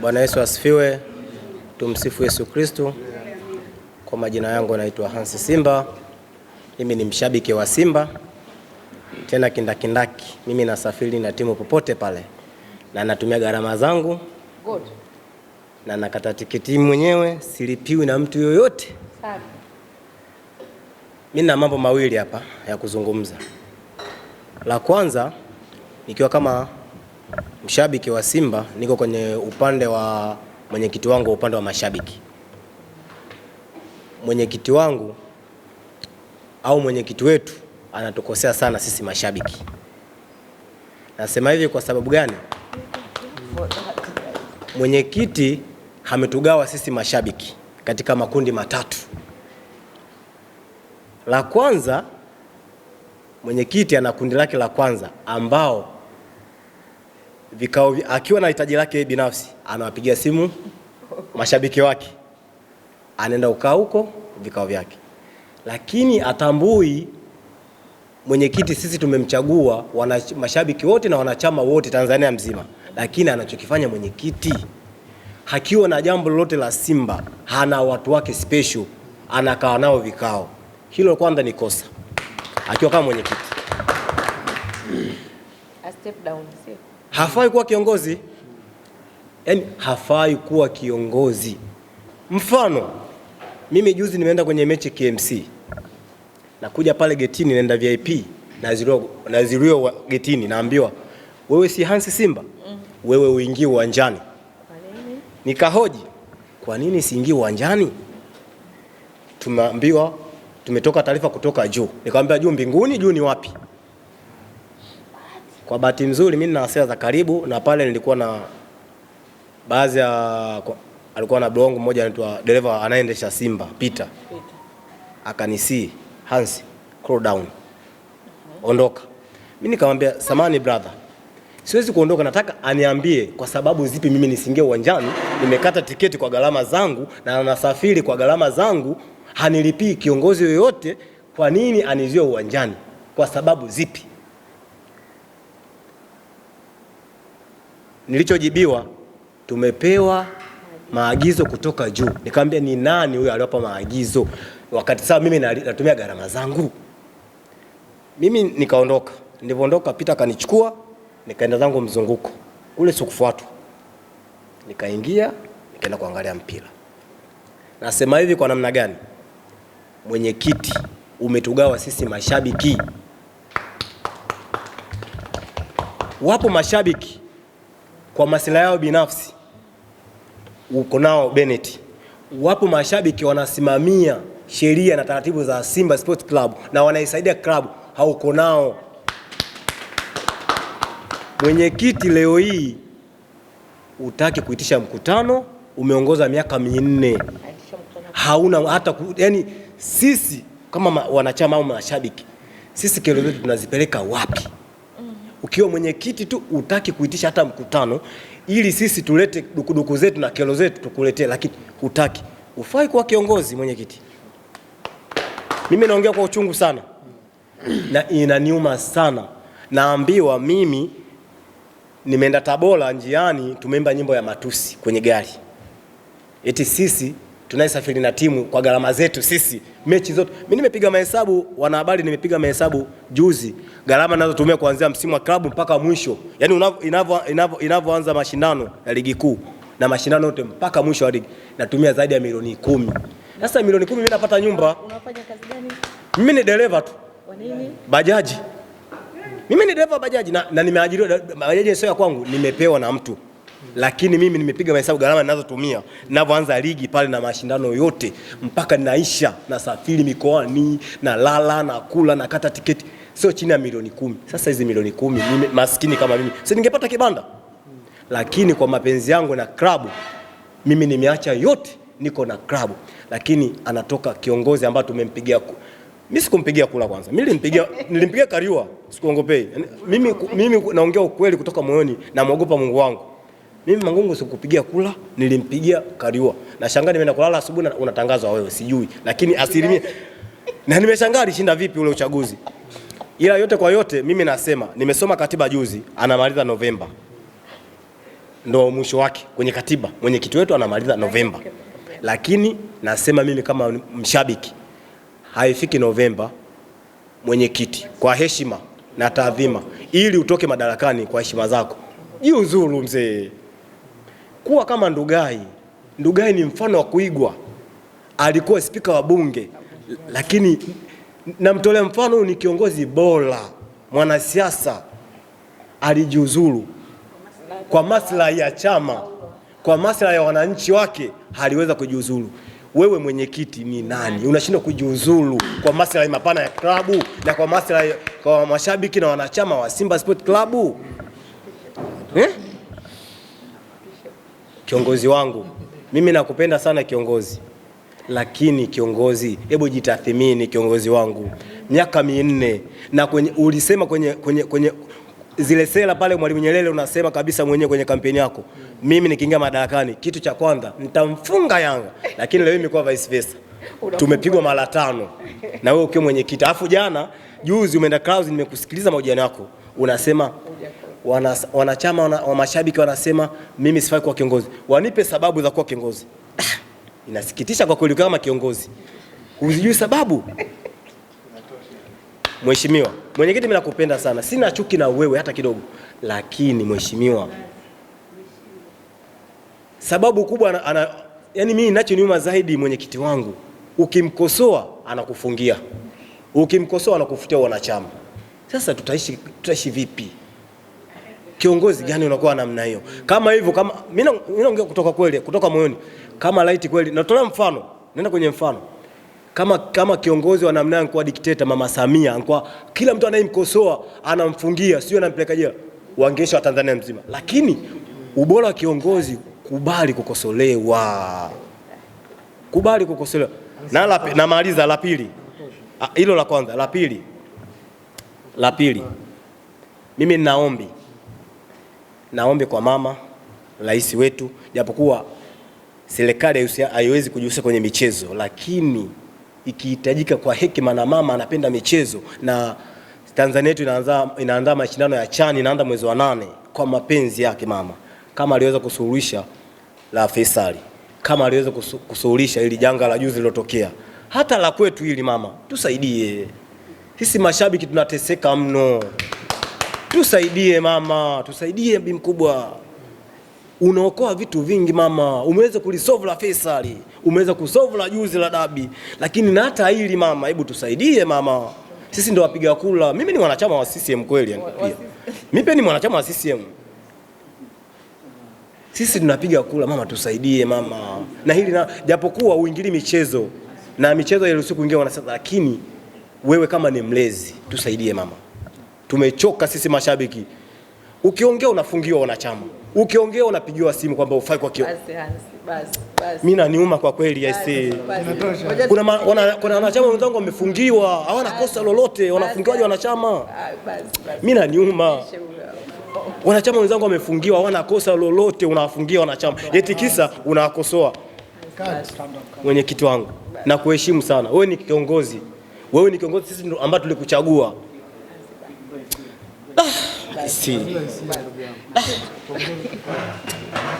Bwana Yesu asifiwe. Tumsifu Yesu Kristo. Kwa majina yangu naitwa Hansi Simba, mimi ni mshabiki wa Simba tena kindakindaki. Mimi nasafiri na timu popote pale na natumia gharama zangu Good. na nakata tiketi mwenyewe, silipiwi na mtu yoyote. Mimi na mambo mawili hapa ya kuzungumza. La kwanza nikiwa kama mshabiki wa Simba, niko kwenye upande wa mwenyekiti wangu, upande wa mashabiki. Mwenyekiti wangu au mwenyekiti wetu anatukosea sana sisi mashabiki. Nasema hivi kwa sababu gani? Mwenyekiti ametugawa sisi mashabiki katika makundi matatu. La kwanza, mwenyekiti ana kundi lake la kwanza ambao vikao, akiwa na hitaji lake binafsi anawapigia simu mashabiki wake, anaenda ukaa huko vikao vyake, lakini atambui mwenyekiti, sisi tumemchagua wana mashabiki wote na wanachama wote Tanzania mzima, lakini anachokifanya mwenyekiti hakiwa na jambo lolote la Simba, hana watu wake special, anakaa nao vikao. Hilo kwanza ni kosa, akiwa kama mwenyekiti. A step down, hafai kuwa kiongozi, yani hafai kuwa kiongozi. Mfano, mimi juzi nimeenda kwenye mechi KMC, nakuja pale getini, naenda VIP, na getini, naambiwa wewe si Hansi Simba, wewe uingie uwanjani. Nikahoji, kwa nini siingii uwanjani? Tumeambiwa tumetoka taarifa kutoka juu. Nikamwambia juu mbinguni, juu ni wapi? Kwa bahati nzuri mimi na hasira za karibu na pale nilikuwa na baadhi ya alikuwa na brongo mmoja anaitwa dereva anayeendesha Simba Peter. Peter. Akanisi Hans cool down. Ondoka. Mimi nikamwambia samani brother. Siwezi kuondoka, nataka aniambie kwa sababu zipi mimi nisingie uwanjani. Nimekata tiketi kwa gharama zangu na nasafiri kwa gharama zangu, hanilipii kiongozi yoyote. Kwa nini anizie uwanjani? Kwa sababu zipi? nilichojibiwa, tumepewa maagizo kutoka juu. Nikamwambia ni nani huyo aliyopa maagizo, wakati saa mimi natumia gharama zangu. Mimi nikaondoka, nilipoondoka Pita akanichukua nikaenda zangu mzunguko ule, sikufuatwa. Nikaingia nikaenda kuangalia mpira. Nasema hivi kwa namna gani, mwenyekiti, umetugawa sisi mashabiki. Wapo mashabiki kwa masilahi yao binafsi, uko nao Bennett. Wapo mashabiki wanasimamia sheria na taratibu za Simba Sports Club na wanaisaidia klabu, hauko nao. Mwenyekiti leo hii utaki kuitisha mkutano, umeongoza miaka minne, hauna hata yani, sisi kama wanachama au mashabiki, sisi kero zetu tunazipeleka wapi? ukiwa mwenyekiti tu utaki kuitisha hata mkutano ili sisi tulete dukuduku zetu na kero zetu tukuletee, lakini utaki. Ufai kuwa kiongozi mwenyekiti. Mimi naongea kwa uchungu sana na inaniuma sana, naambiwa mimi nimeenda Tabora, njiani tumeimba nyimbo ya matusi kwenye gari, eti sisi tunayesafiri na timu kwa gharama zetu sisi, mechi zote. Mimi nimepiga mahesabu, wanahabari, nimepiga mahesabu juzi, gharama nazotumia kuanzia msimu wa klabu mpaka mwisho, yaani inavyoanza mashindano ya ligi kuu na mashindano yote mpaka mwisho wa ligi natumia zaidi ya milioni kumi. Sasa milioni kumi mimi napata nyumba. Unafanya kazi gani? Mimi ni dereva tu. Kwa nini? Bajaji. Mimi ni dereva bajaji na, na nimeajiriwa bajaji, sio ya kwangu, nimepewa na mtu lakini mimi nimepiga mahesabu gharama ninazotumia ninavyoanza ligi pale na mashindano yote mpaka naisha, nasafiri mikoani, nalala, nakula, nakata tiketi, sio chini ya milioni kumi. Sasa hizi milioni kumi, mimi maskini kama mimi, si ningepata kibanda? Lakini kwa mapenzi yangu na klabu, mimi nimeacha yote, niko na klabu. Lakini anatoka kiongozi ambaye tumempigia mimi sikumpigia kula kwanza. Mimi nilimpigia nilimpigia Kariwa, sikuongopei. Mimi mimi naongea ukweli kutoka moyoni, namwogopa Mungu wangu. Mimi Mangungu sikupigia kula, nilimpigia Kariua. Nashangaa nimeenda kulala asubuhi unatangazwa wewe, sijui. Lakini asilimia na nimeshangaa alishinda vipi ule uchaguzi. Ila yote kwa yote mimi nasema nimesoma katiba juzi, anamaliza Novemba. Ndio mwisho wake kwenye katiba. Mwenyekiti wetu anamaliza Novemba. Lakini nasema mimi kama mshabiki haifiki Novemba mwenyekiti, kwa heshima na taadhima, ili utoke madarakani kwa heshima zako, jiuzuru mzee kuwa kama Ndugai. Ndugai ni mfano wa kuigwa, alikuwa spika wa bunge, lakini namtolea mfano ni kiongozi bora, mwanasiasa alijiuzuru kwa maslahi ya chama, kwa maslahi ya wananchi wake, aliweza kujiuzuru. Wewe mwenyekiti ni nani? Unashindwa kujiuzulu kwa maslahi mapana ya klabu na kwa maslahi kwa mashabiki na wanachama wa Simba Sport Club eh? kiongozi wangu, mimi nakupenda sana kiongozi, lakini kiongozi, hebu jitathimini kiongozi wangu, miaka minne na kwenye, ulisema kwenye, kwenye, kwenye zile sera pale Mwalimu Nyerere unasema kabisa mwenyewe kwenye kampeni yako, mimi nikiingia madarakani, kitu cha kwanza nitamfunga Yanga, lakini leo imekuwa vice versa tumepigwa mara tano na wewe ukiwa mwenyekiti, alafu jana juzi umeenda Clouds, nimekusikiliza mahojiano yako unasema wanachama wana, wa mashabiki wanasema mimi sifai kuwa kiongozi, wanipe sababu za kuwa kiongozi. Ah, inasikitisha kwa kweli, kama kiongozi uzijui sababu. Mheshimiwa mwenyekiti, mimi nakupenda sana, sina chuki na wewe hata kidogo, lakini mheshimiwa, sababu kubwa ana, yani mimi ninachoniuma zaidi mwenyekiti wangu, ukimkosoa anakufungia, ukimkosoa anakufutia wanachama. Sasa tutaishi tutaishi vipi? Kiongozi gani unakuwa namna hiyo? Kama hivyo, kama mimi naongea kutoka kweli, kutoka moyoni, kama light kweli. Na tolea mfano, nenda kwenye mfano kama, kama kiongozi wa namna anakuwa dikteta Mama Samia anakuwa kila mtu anayemkosoa anamfungia, sio anampeleka jela, wangeisha wa Tanzania mzima. Lakini ubora wa kiongozi, kubali kukosolewa, kubali kukosolewa. Na la, na maliza la pili ah, hilo la kwanza, la pili, la pili, mimi ninaombi naombe kwa mama rais wetu, japokuwa serikali haiwezi kujihusisha kwenye michezo, lakini ikihitajika kwa hekima, na mama anapenda michezo na Tanzania yetu inaanza inaandaa mashindano ya chani inaanza mwezi wa nane. Kwa mapenzi yake mama, kama aliweza kusuluhisha la Faisali, kama aliweza kusuluhisha ili janga la juzi lilotokea, hata la kwetu hili mama, tusaidie sisi mashabiki tunateseka mno tusaidie mama, tusaidie bi mkubwa, unaokoa vitu vingi mama. Umeweza kulisolve la Faisal, umeweza kusolve la juzi la dabi, lakini na hata hili mama, hebu tusaidie mama. Sisi ndo wapiga kula. Mimi ni mwanachama wa CCM kweli, yani pia mimi pia ni mwanachama wa CCM. Sisi tunapiga kula mama, tusaidie mama na hili na, japokuwa uingili michezo na michezo ile usiku ingia wanasiasa, lakini wewe kama ni mlezi tusaidie mama. Tumechoka sisi mashabiki, ukiongea unafungiwa wanachama, ukiongea unapigiwa simu kwamba ufai kwa kio. Mimi naniuma kwa kweli aisee. Kuna wanachama wenzangu wamefungiwa, hawana kosa lolote, wanafungiwaje wanachama? Mimi naniuma wanachama wenzangu wamefungiwa, hawana kosa lolote, unawafungia wanachama eti kisa unawakosoa. Mwenyekiti wangu, nakuheshimu sana wewe, ni kiongozi, wewe ni kiongozi, sisi ndio ambao tulikuchagua siri